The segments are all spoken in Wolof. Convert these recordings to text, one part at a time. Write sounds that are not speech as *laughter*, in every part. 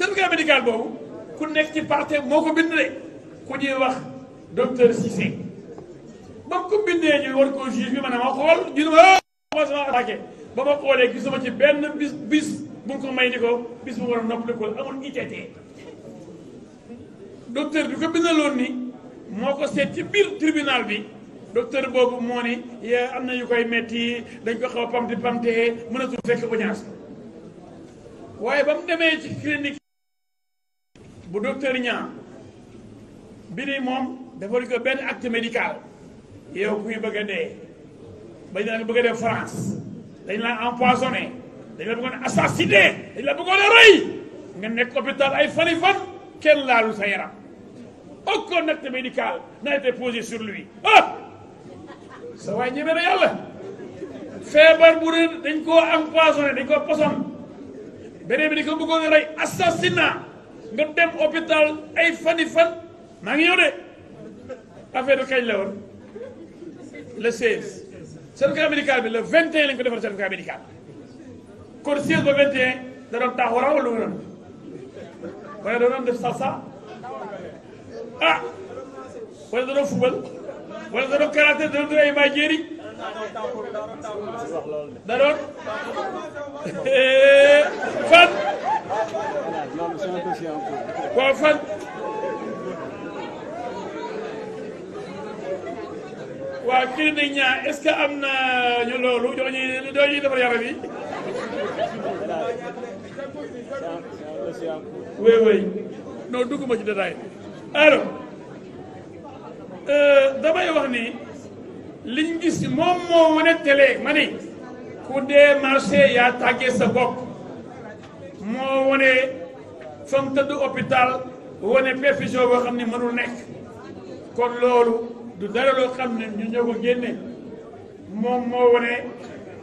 certificat médical boobu ku nekk ci parte moo ko bind de ku ñuy wax docteur Cissé ba mu ko bindee ñu war koo juge bi ma ne ma xool ñu ne ma sama oh, attaqué ba ma xoolee gisuma ci benn bis bis bu ko may ni ko bis bu war a noppali ko amul ITT docteur bi ko bindaloon nii moo ko seet ci biir tribunal bi docteur boobu moo ni ya am na yu koy metti dañ ko xaw a pamti pamte mënatul fekk audience waaye ba mu demee ci clinique bu docteur Niang biri moom dafa di ko benn acte médical yow kuy bëgg a dee bañ la nga bëgg dee France dañ la empoisonné dañ la bëggoon assassiné dañ la bëggoon a rëy nga nekk hôpital ay fani fan kenn laalu sa yaram aucun acte médical n'a été posé sur lui ah sa waay ñeme na yàlla feebar bu rëy dañ koo empoisonné dañ koo poson beneen bi di ko bëggoon a rey assassinat nga dem hôpital ay fani fan maa ngi yow de affaire kañ la woon le 16. certificat médical bi le 21 lañ ko defal certificat médical kon 16 ba 21 da doon tax war a wala lu mu doon wala def salsa ah wala da doon fubal wala da doon karaté da majeeri da doon *laughs* fan. waaw fan. waaw kii di ñaa est-ce am na ñu loolu ñoo ñuy ñoo ñuy defar yaram yi. oui oui non dugguma ci détail alors euh, damay wax ni liñ gis moom moo wane télé ma ni ku dee marché yaa tàggee sa bopp moo wane. fa mu tëdd hôpital wane perfusion boo xam ne mënul nekk kon loolu du dara loo xam ne ñu ñoo génne moom moo wane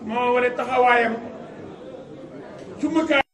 moo wane taxawaayam cumukaay